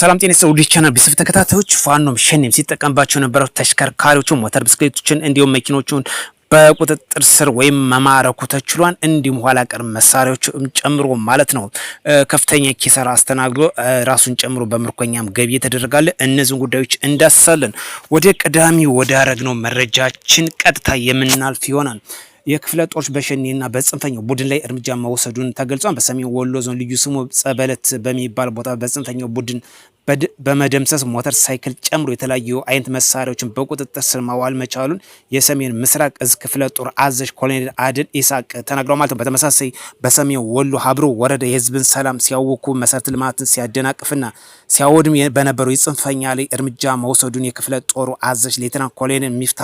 ሰላም ጤና ሰው ዲሽ ቻናል ተከታታዮች ፋኖም ሸኔም ሲጠቀምባቸው የነበረው ተሽከርካሪዎችን፣ ሞተር ብስክሌቶችን እንዲሁም መኪኖችን በቁጥጥር ስር ወይም መማረኩ ተችሏን። እንዲሁም ኋላ ቀር መሳሪያዎች ጨምሮ ማለት ነው ከፍተኛ ኪሳራ አስተናግዶ ራሱን ጨምሮ በምርኮኛም ገቢ የተደረጋለ። እነዚህን ጉዳዮች እንዳስሳለን። ወደ ቀዳሚ ነው መረጃችን ቀጥታ የምናልፍ ይሆናል። የክፍለ ጦሮች በሸኔና በጽንፈኛው ቡድን ላይ እርምጃ መውሰዱን ተገልጿል። በሰሜን ወሎ ዞን ልዩ ስሙ ጸበለት በሚባል ቦታ በጽንፈኛው ቡድን በመደምሰስ ሞተር ሳይክል ጨምሮ የተለያዩ አይነት መሳሪያዎችን በቁጥጥር ስር ማዋል መቻሉን የሰሜን ምስራቅ እዝ ክፍለ ጦር አዛዥ ኮሎኔል አድን ኢሳቅ ተናግረው ማለት ነው። በተመሳሳይ በሰሜን ወሎ ሀብሮ ወረዳ የህዝብን ሰላም ሲያውኩ መሰረተ ልማትን ሲያደናቅፍና ሲያወድም በነበረው የጽንፈኛ ላይ እርምጃ መውሰዱን የክፍለ ጦሩ አዛዥ ሌተና ኮሎኔል ሚፍታ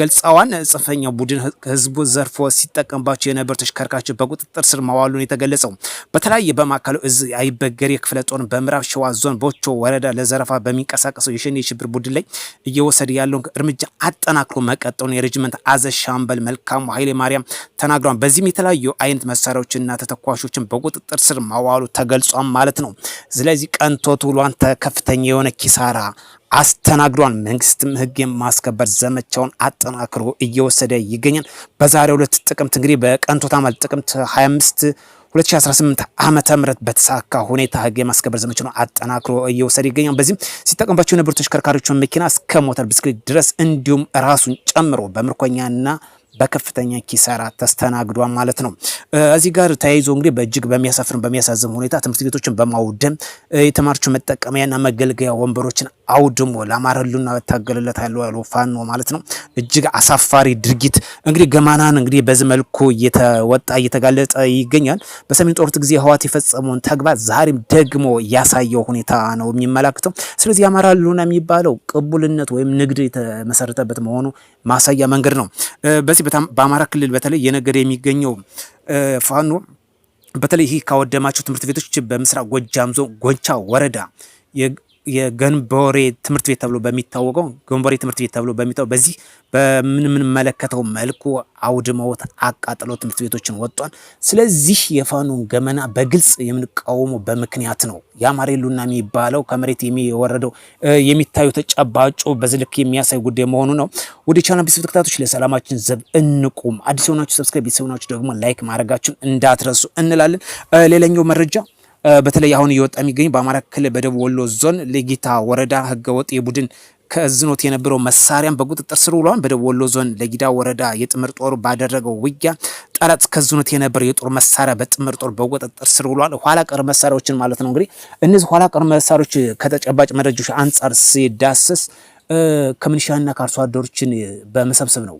ገልጸዋል። ጽንፈኛው ቡድን ህዝቡ ዘርፎ ሲጠቀምባቸው የነበሩ ተሽከርካሪዎች በቁጥጥር ስር ማዋሉን የተገለጸው በተለያየ በማዕከላዊ እዝ አይበገር የክፍለ ጦርን በምዕራብ ሸዋ ዞን ቦቹ ጌታቸው ወረዳ ለዘረፋ በሚንቀሳቀሰው የሸኔ ሽብር ቡድን ላይ እየወሰደ ያለውን እርምጃ አጠናክሮ መቀጠሉን የሬጅመንት አዘ ሻምበል መልካሙ ኃይለ ማርያም ተናግረዋል። በዚህም የተለያዩ አይነት መሳሪያዎችና ተተኳሾችን በቁጥጥር ስር ማዋሉ ተገልጿል ማለት ነው። ስለዚህ ቀንቶት ውሏን ከፍተኛ የሆነ ኪሳራ አስተናግዷል። መንግስትም ህግ የማስከበር ዘመቻውን አጠናክሮ እየወሰደ ይገኛል። በዛሬው ዕለት ጥቅምት እንግዲህ በቀንቶታማል ጥቅምት 25 2018 ዓመተ ምህረት በተሳካ ሁኔታ ህግ የማስከበር ዘመቻውን አጠናክሮ እየወሰደ ይገኛል። በዚህም ሲጠቀምባቸው የነበሩ ተሽከርካሪዎችን መኪና እስከ ሞተር ብስክሌት ድረስ እንዲሁም ራሱን ጨምሮ በምርኮኛና በከፍተኛ ኪሳራ ተስተናግዷል ማለት ነው። እዚህ ጋር ተያይዞ እንግዲህ በእጅግ በሚያሳፍርን በሚያሳዝም ሁኔታ ትምህርት ቤቶችን በማውደም የተማሪዎቹ መጠቀሚያና መገልገያ ወንበሮችን አውድሞ ለአማራ ህሉና በታገለለት ያለው ያለው ፋኖ ማለት ነው። እጅግ አሳፋሪ ድርጊት እንግዲህ ገማናን እንግዲህ በዚህ መልኩ እየተወጣ እየተጋለጠ ይገኛል። በሰሜን ጦርነት ጊዜ ህዋት የፈጸመውን ተግባር ዛሬም ደግሞ ያሳየው ሁኔታ ነው የሚመላክተው። ስለዚህ የአማራ የሚባለው ቅቡልነት ወይም ንግድ የተመሰረተበት መሆኑ ማሳያ መንገድ ነው። በዚህ በአማራ ክልል በተለይ የነገደ የሚገኘው ፋኖ በተለይ ይህ ካወደማቸው ትምህርት ቤቶች በምስራቅ ጎጃም ዞን ጎንቻ ወረዳ የገንቦሬ ትምህርት ቤት ተብሎ በሚታወቀው ገንቦሬ ትምህርት ቤት ተብሎ በሚታወቀው በዚህ በምንመለከተው መልኩ አውድመውት አቃጥለው ትምህርት ቤቶችን ወጥቷል። ስለዚህ የፋኖን ገመና በግልጽ የምንቃወመው በምክንያት ነው። የአማሬ ሉና የሚባለው ከመሬት የሚወረደው የሚታዩ ተጨባጩ በዝልክ የሚያሳይ ጉዳይ መሆኑ ነው። ወደ ቻና ቢስ ተከታቶች ለሰላማችን ዘብ እንቁም። አዲስ የሆናችሁ ሰብስክራይብ፣ ቤተሰብ የሆናችሁ ደግሞ ላይክ ማድረጋችሁን እንዳትረሱ እንላለን። ሌላኛው መረጃ በተለይ አሁን እየወጣ የሚገኝ በአማራ ክልል በደቡብ ወሎ ዞን ለጊታ ወረዳ ህገወጥ የቡድን ከዝኖት የነበረው መሳሪያም በቁጥጥር ስር ውሏል። በደቡብ ወሎ ዞን ለጊዳ ወረዳ የጥምር ጦር ባደረገው ውጊያ ጠላት ከዝኖት የነበረው የጦር መሳሪያ በጥምር ጦር በቁጥጥር ስር ውሏል። ኋላ ቀር መሳሪያዎችን ማለት ነው። እንግዲህ እነዚህ ኋላ ቀር መሳሪያዎች ከተጨባጭ መረጃዎች አንጻር ሲዳስስ ከምንሻና ከአርሶ አደሮችን በመሰብሰብ ነው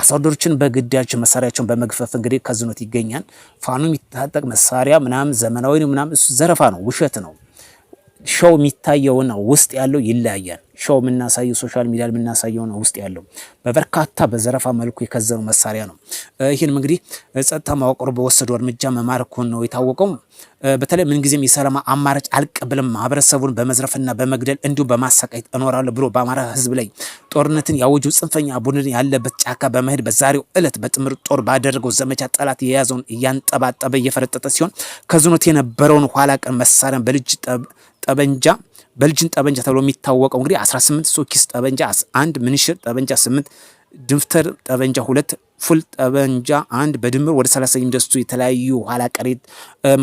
አርሶ አደሮችን በግዳጅ መሳሪያቸውን በመግፈፍ እንግዲህ ከዝኖት ይገኛል። ፋኖ የሚታጠቅ መሳሪያ ምናምን ዘመናዊ ምናምን ዘረፋ ነው፣ ውሸት ነው። ሾው የሚታየውና ውስጥ ያለው ይለያያል። ሾው የምናሳየው ሶሻል ሚዲያ የምናሳየውና ውስጥ ያለው በበርካታ በዘረፋ መልኩ የከዘኑ መሳሪያ ነው። ይህንም እንግዲህ ጸጥታ መዋቅሩ በወሰደው እርምጃ መማረኩን ነው የታወቀው። በተለይ ምንጊዜም የሰላም አማራጭ አልቀብልም፣ ማህበረሰቡን በመዝረፍና በመግደል እንዲሁም በማሰቃየት እኖራለሁ ብሎ በአማራ ህዝብ ላይ ጦርነትን ያወጁ ጽንፈኛ ቡድን ያለበት ጫካ በመሄድ በዛሬው ዕለት በጥምር ጦር ባደረገው ዘመቻ ጠላት የያዘውን እያንጠባጠበ እየፈረጠጠ ሲሆን ከዝኖት የነበረውን ኋላ ቀር መሳሪያን በልጅ ጠበንጃ በልጅን ጠበንጃ ተብሎ የሚታወቀው እንግዲህ 18 ሶኪስ ጠበንጃ አንድ ምንሽር ጠበንጃ 8 ድንፍተር ጠበንጃ ሁለት ፉል ጠበንጃ አንድ በድምር ወደ 30 የሚደርሱ የተለያዩ ኋላ ቀሪ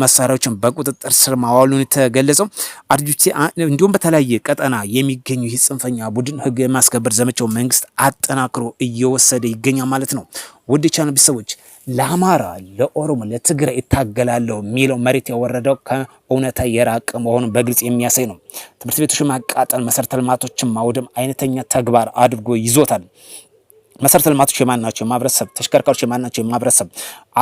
መሳሪያዎችን በቁጥጥር ስር ማዋሉን የተገለጸው አርጁቴ እንዲሁም በተለያየ ቀጠና የሚገኙ ይህ ጽንፈኛ ቡድን ህግ የማስከበር ዘመቻው መንግስት አጠናክሮ እየወሰደ ይገኛል ማለት ነው። ውድ ቻናል ቤተሰቦች ለአማራ፣ ለኦሮሞ፣ ለትግራይ እታገላለሁ የሚለው መሬት የወረደው ከእውነታ የራቀ መሆኑን በግልጽ የሚያሳይ ነው። ትምህርት ቤቶች ማቃጠል፣ መሰረተ ልማቶችን ማውደም አይነተኛ ተግባር አድርጎ ይዞታል። መሰረተ ልማቶች የማን ናቸው? የማህበረሰብ ተሽከርካሪዎች የማን የማህበረሰብ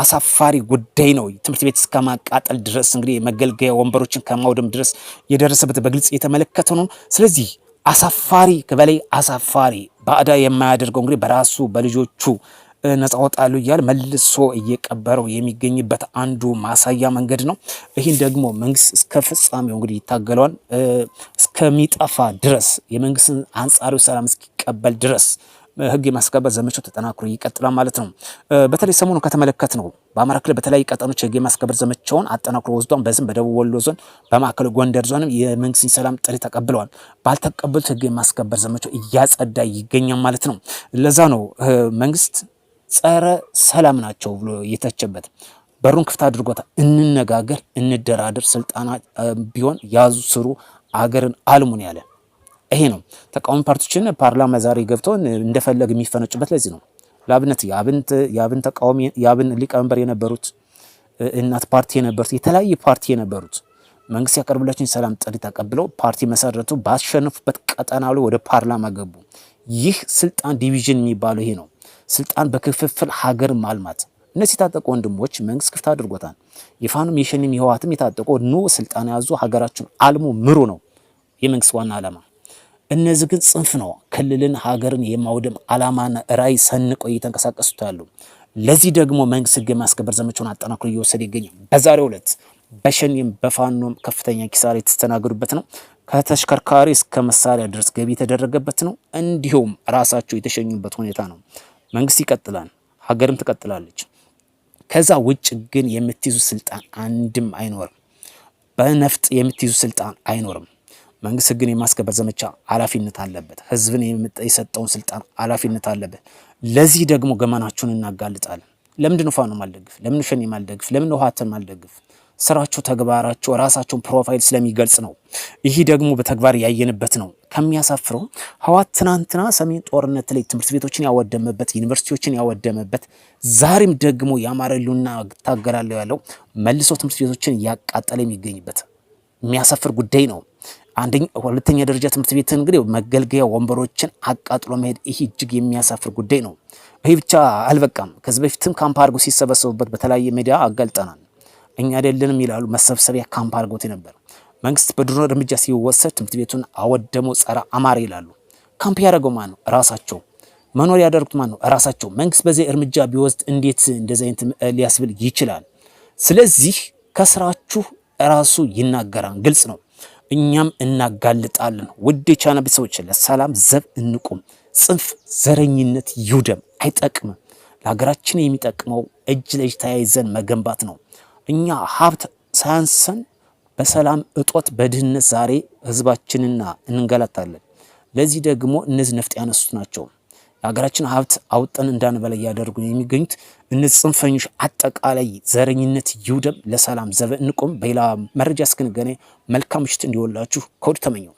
አሳፋሪ ጉዳይ ነው። ትምህርት ቤት እስከ ማቃጠል ድረስ እንግዲህ የመገልገያ ወንበሮችን ከማውደም ድረስ የደረሰበት በግልጽ የተመለከተ ነው። ስለዚህ አሳፋሪ ከበላይ አሳፋሪ ባዕዳ የማያደርገው እንግዲህ በራሱ በልጆቹ ነጻ ወጣሉ መልሶ እየቀበረው የሚገኝበት አንዱ ማሳያ መንገድ ነው። ይህን ደግሞ መንግስት እስከ ፍጻሜው እንግዲህ ይታገለዋል እስከሚጠፋ ድረስ የመንግስትን አንጻራዊ ሰላም እስኪቀበል ድረስ ህግ የማስከበር ዘመቻው ተጠናክሮ ይቀጥላል ማለት ነው። በተለይ ሰሞኑ ከተመለከት ነው በአማራ ክልል በተለያዩ ቀጠኖች ህግ የማስከበር ዘመቻውን አጠናክሮ ወስዷን። በዚህም በደቡብ ወሎ ዞን፣ በማዕከላዊ ጎንደር ዞንም የመንግስትን ሰላም ጥሪ ተቀብለዋል። ባልተቀበሉት ህግ የማስከበር ዘመቻው እያጸዳ ይገኛል ማለት ነው። ለዛ ነው መንግስት ጸረ ሰላም ናቸው ብሎ የተቸበት በሩን ክፍት አድርጎታል። እንነጋገር፣ እንደራደር፣ ስልጣና ቢሆን ያዙ፣ ስሩ፣ አገርን አልሙን ያለ ይሄ ነው። ተቃዋሚ ፓርቲዎችን ፓርላማ ዛሬ ገብቶ እንደፈለግ የሚፈነጭበት ለዚህ ነው። ለአብነት የአብን ተቃዋሚ የአብን ሊቀመንበር የነበሩት እናት ፓርቲ የነበሩት የተለያየ ፓርቲ የነበሩት መንግስት ያቀርብላችን ሰላም ጥሪ ተቀብለው ፓርቲ መሰረቱ። ባሸነፉበት ቀጠና ላይ ወደ ፓርላማ ገቡ። ይህ ስልጣን ዲቪዥን የሚባለው ይሄ ነው። ስልጣን በክፍፍል ሀገር ማልማት። እነዚህ የታጠቁ ወንድሞች መንግስት ክፍት አድርጎታል። የፋኖም የሸኔም የህወሓትም የታጠቁ ኑ ስልጣን ያዙ ሀገራችን አልሞ ምሩ ነው የመንግስት ዋና ዓላማ። እነዚህ ግን ጽንፍ ነው፣ ክልልን ሀገርን የማውደም ዓላማና ራዕይ ሰንቀው እየተንቀሳቀሱት ያሉ። ለዚህ ደግሞ መንግስት ህግ የማስከበር ዘመቻውን አጠናክሮ እየወሰደ ይገኛል። በዛሬው ዕለት በሸኔም በፋኖም ከፍተኛ ኪሳራ የተስተናገዱበት ነው። ከተሽከርካሪ እስከ መሳሪያ ድረስ ገቢ የተደረገበት ነው። እንዲሁም ራሳቸው የተሸኙበት ሁኔታ ነው። መንግስት ይቀጥላል፣ ሀገርም ትቀጥላለች። ከዛ ውጭ ግን የምትይዙ ስልጣን አንድም አይኖርም። በነፍጥ የምትይዙ ስልጣን አይኖርም። መንግስት ህግን የማስከበር ዘመቻ ኃላፊነት አለበት። ህዝብን የሰጠውን ስልጣን ኃላፊነት አለበት። ለዚህ ደግሞ ገመናችሁን እናጋልጣለን። ለምንድን ፋኖ ማልደግፍ? ለምን ሸኔ ማልደግፍ? ለምን ህወሓትን ማልደግፍ? ስራቸው ተግባራቸው ራሳቸውን ፕሮፋይል ስለሚገልጽ ነው። ይህ ደግሞ በተግባር ያየንበት ነው። ከሚያሳፍረው ህወሓት ትናንትና ሰሜን ጦርነት ላይ ትምህርት ቤቶችን ያወደመበት፣ ዩኒቨርሲቲዎችን ያወደመበት፣ ዛሬም ደግሞ ያማረሉና ሉና ያለው መልሶ ትምህርት ቤቶችን እያቃጠለ የሚገኝበት የሚያሳፍር ጉዳይ ነው። አንደኛ ሁለተኛ ደረጃ ትምህርት ቤት እንግዲህ መገልገያ ወንበሮችን አቃጥሎ መሄድ ይህ እጅግ የሚያሳፍር ጉዳይ ነው። ይህ ብቻ አልበቃም። ከዚህ በፊትም ካምፕ አድርጎ ሲሰበሰቡበት በተለያየ ሚዲያ አጋልጠናል። እኛ አይደለንም ይላሉ። መሰብሰቢያ ካምፕ አድርጎት የነበረ መንግስት በድሮን እርምጃ ሲወሰድ ትምህርት ቤቱን አወደመው ጸረ አማራ ይላሉ። ካምፕ ያደረገው ማን ነው? ራሳቸው መኖር ያደረጉት ማን ነው? ራሳቸው። መንግስት በዚህ እርምጃ ቢወስድ እንዴት እንደዚህ አይነት ሊያስብል ይችላል? ስለዚህ ከስራችሁ ራሱ ይናገራል። ግልጽ ነው። እኛም እናጋልጣለን። ውድ የቻና ቤተሰቦች ለሰላም ዘብ እንቁም። ጽንፍ ዘረኝነት ይውደም፣ አይጠቅምም። ለሀገራችን የሚጠቅመው እጅ ለእጅ ተያይዘን መገንባት ነው። እኛ ሀብት ሳያንሰን በሰላም እጦት በድህነት ዛሬ ህዝባችንና እንንገላታለን። ለዚህ ደግሞ እነዚህ ነፍጥ ያነሱት ናቸው። የሀገራችን ሀብት አውጠን እንዳንበላ እያደረጉ የሚገኙት እነዚህ ጽንፈኞች። አጠቃላይ ዘረኝነት ይውደም፣ ለሰላም ዘበ እንቆም። በሌላ መረጃ እስክንገናኝ መልካም ምሽት እንዲወላችሁ ከወዲሁ ተመኘው።